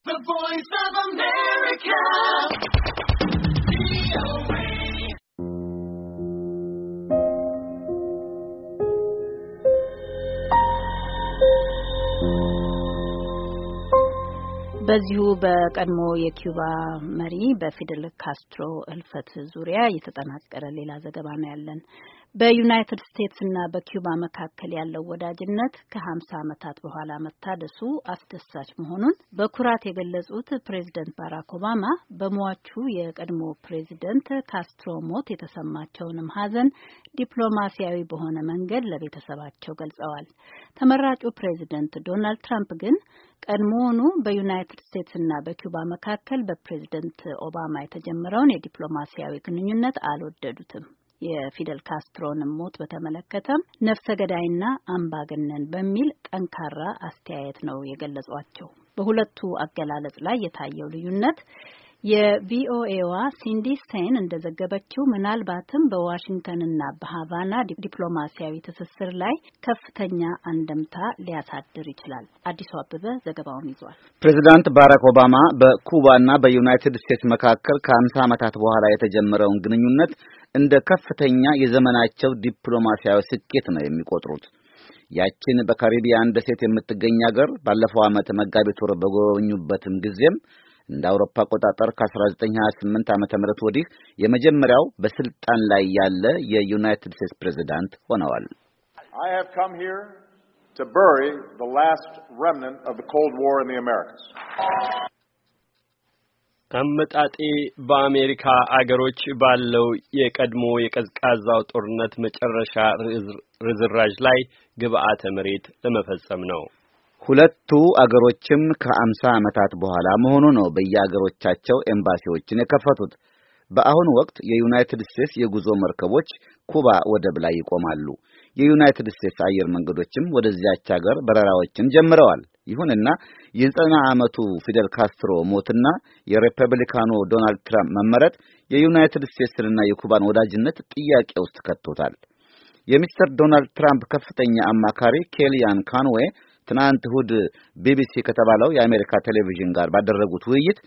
በዚሁ በቀድሞ የኪዩባ መሪ በፊደል ካስትሮ እልፈት ዙሪያ የተጠናቀረ ሌላ ዘገባ ነው ያለን። በዩናይትድ ስቴትስ እና በኪውባ መካከል ያለው ወዳጅነት ከ50 ዓመታት በኋላ መታደሱ አስደሳች መሆኑን በኩራት የገለጹት ፕሬዚደንት ባራክ ኦባማ በሟቹ የቀድሞ ፕሬዚደንት ካስትሮ ሞት የተሰማቸውንም ሐዘን ዲፕሎማሲያዊ በሆነ መንገድ ለቤተሰባቸው ገልጸዋል። ተመራጩ ፕሬዚደንት ዶናልድ ትራምፕ ግን ቀድሞውኑ በዩናይትድ ስቴትስ እና በኪባ መካከል በፕሬዚደንት ኦባማ የተጀመረውን የዲፕሎማሲያዊ ግንኙነት አልወደዱትም። የፊደል ካስትሮን ሞት በተመለከተም ነፍሰ ገዳይና አምባገነን በሚል ጠንካራ አስተያየት ነው የገለጿቸው። በሁለቱ አገላለጽ ላይ የታየው ልዩነት የቪኦኤዋ ሲንዲ ሴን እንደዘገበችው ምናልባትም በዋሽንግተንና በሀቫና ዲፕሎማሲያዊ ትስስር ላይ ከፍተኛ አንደምታ ሊያሳድር ይችላል። አዲሱ አበበ ዘገባውን ይዟል። ፕሬዚዳንት ባራክ ኦባማ በኩባና በዩናይትድ ስቴትስ መካከል ከአምሳ ዓመታት በኋላ የተጀመረውን ግንኙነት እንደ ከፍተኛ የዘመናቸው ዲፕሎማሲያዊ ስኬት ነው የሚቆጥሩት። ያችን በካሪቢያን ደሴት የምትገኝ ሀገር ባለፈው ዓመት መጋቢት ወር በጎበኙበትም ጊዜም እንደ አውሮፓ አቆጣጠር ከ1928 ዓመተ ምህረት ወዲህ የመጀመሪያው በስልጣን ላይ ያለ የዩናይትድ ስቴትስ ፕሬዝዳንት ሆነዋል። አመጣጤ በአሜሪካ አገሮች ባለው የቀድሞ የቀዝቃዛው ጦርነት መጨረሻ ርዝራዥ ላይ ግብአተ መሬት ለመፈጸም ነው። ሁለቱ አገሮችም ከአምሳ ዓመታት በኋላ መሆኑ ነው በየአገሮቻቸው ኤምባሲዎችን የከፈቱት። በአሁኑ ወቅት የዩናይትድ ስቴትስ የጉዞ መርከቦች ኩባ ወደብ ላይ ይቆማሉ። የዩናይትድ ስቴትስ አየር መንገዶችም ወደዚያች አገር በረራዎችን ጀምረዋል። ይሁንና የዘጠና ዓመቱ ፊደል ካስትሮ ሞትና የሪፐብሊካኑ ዶናልድ ትራምፕ መመረጥ የዩናይትድ ስቴትስንና የኩባን ወዳጅነት ጥያቄ ውስጥ ከቶታል። የሚስተር ዶናልድ ትራምፕ ከፍተኛ አማካሪ ኬሊያን ካንዌ ትናንት እሁድ ቢቢሲ ከተባለው የአሜሪካ ቴሌቪዥን ጋር ባደረጉት ውይይት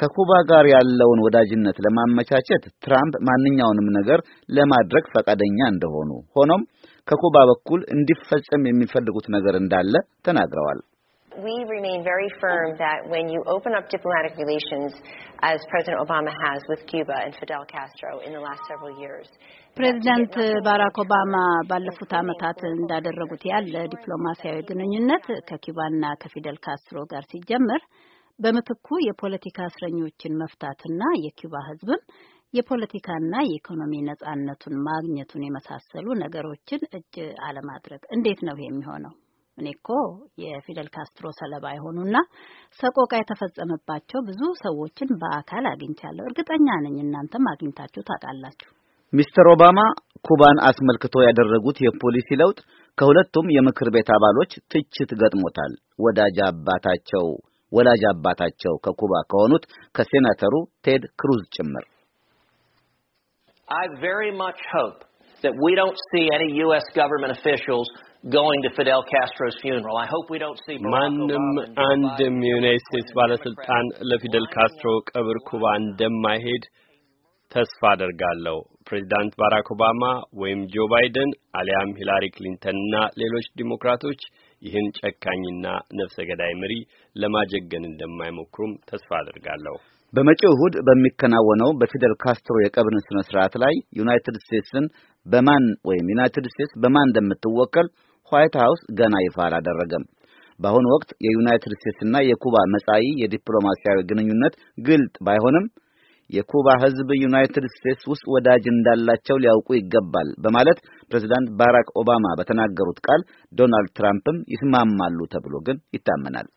ከኩባ ጋር ያለውን ወዳጅነት ለማመቻቸት ትራምፕ ማንኛውንም ነገር ለማድረግ ፈቃደኛ እንደሆኑ ሆኖም ከኩባ በኩል እንዲፈጸም የሚፈልጉት ነገር እንዳለ ተናግረዋል። We remain very firm that when you open up diplomatic relations, as President Obama has with Cuba and Fidel Castro in the last several years, ፕሬዚዳንት ባራክ ኦባማ ባለፉት ዓመታት እንዳደረጉት ያለ ዲፕሎማሲያዊ ግንኙነት ከኪባና ከፊደል ካስትሮ ጋር ሲጀመር በምትኩ የፖለቲካ እስረኞችን መፍታትና የኪውባ ሕዝብም የፖለቲካና የኢኮኖሚ ነጻነቱን ማግኘቱን የመሳሰሉ ነገሮችን እጅ አለማድረግ እንዴት ነው የሚሆነው? እኔ እኮ የፊደል ካስትሮ ሰለባ የሆኑና ሰቆቃ የተፈጸመባቸው ብዙ ሰዎችን በአካል አግኝቻለሁ። እርግጠኛ ነኝ እናንተም አግኝታችሁ ታውቃላችሁ። ሚስተር ኦባማ ኩባን አስመልክቶ ያደረጉት የፖሊሲ ለውጥ ከሁለቱም የምክር ቤት አባሎች ትችት ገጥሞታል። ወዳጅ አባታቸው ወላጅ አባታቸው ከኩባ ከሆኑት ከሴናተሩ ቴድ ክሩዝ ጭምር I very much hope that we don't see any U.S. government officials going to Fidel Castro's funeral. I hope we don't see ማንም አንድም የዩናይት ባለስልጣን ለፊደል ካስትሮ ቀብር ኩባ እንደማይሄድ ተስፋ አደርጋለሁ። ፕሬዚዳንት ባራክ ኦባማ ወይም ጆ ባይደን አሊያም ሂላሪ ክሊንተን እና ሌሎች ዲሞክራቶች ይህን ጨካኝና ነፍሰ ገዳይ መሪ ለማጀገን እንደማይሞክሩም ተስፋ አደርጋለሁ። በመጪው እሁድ በሚከናወነው በፊደል ካስትሮ የቀብር ስነ ስርዓት ላይ ዩናይትድ ስቴትስን በማን ወይም ዩናይትድ ስቴትስ በማን እንደምትወከል ዋይት ሀውስ ገና ይፋ አላደረገም። በአሁኑ ወቅት የዩናይትድ ስቴትስና የኩባ መጻኢ የዲፕሎማሲያዊ ግንኙነት ግልጥ ባይሆንም የኩባ ሕዝብ ዩናይትድ ስቴትስ ውስጥ ወዳጅ እንዳላቸው ሊያውቁ ይገባል በማለት ፕሬዚዳንት ባራክ ኦባማ በተናገሩት ቃል ዶናልድ ትራምፕም ይስማማሉ ተብሎ ግን ይታመናል።